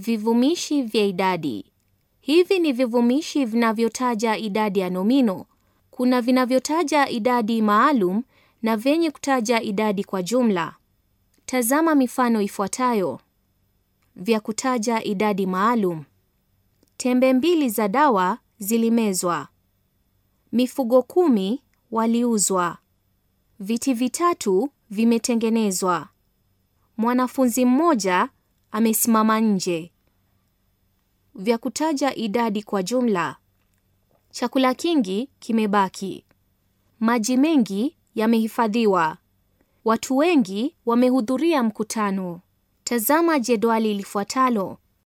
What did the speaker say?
Vivumishi vya idadi. Hivi ni vivumishi vinavyotaja idadi ya nomino. Kuna vinavyotaja idadi maalum na vyenye kutaja idadi kwa jumla. Tazama mifano ifuatayo. Vya kutaja idadi maalum. Tembe mbili za dawa zilimezwa. Mifugo kumi waliuzwa. Viti vitatu vimetengenezwa. Mwanafunzi mmoja amesimama nje. Vya kutaja idadi kwa jumla: chakula kingi kimebaki, maji mengi yamehifadhiwa, watu wengi wamehudhuria mkutano. Tazama jedwali lifuatalo.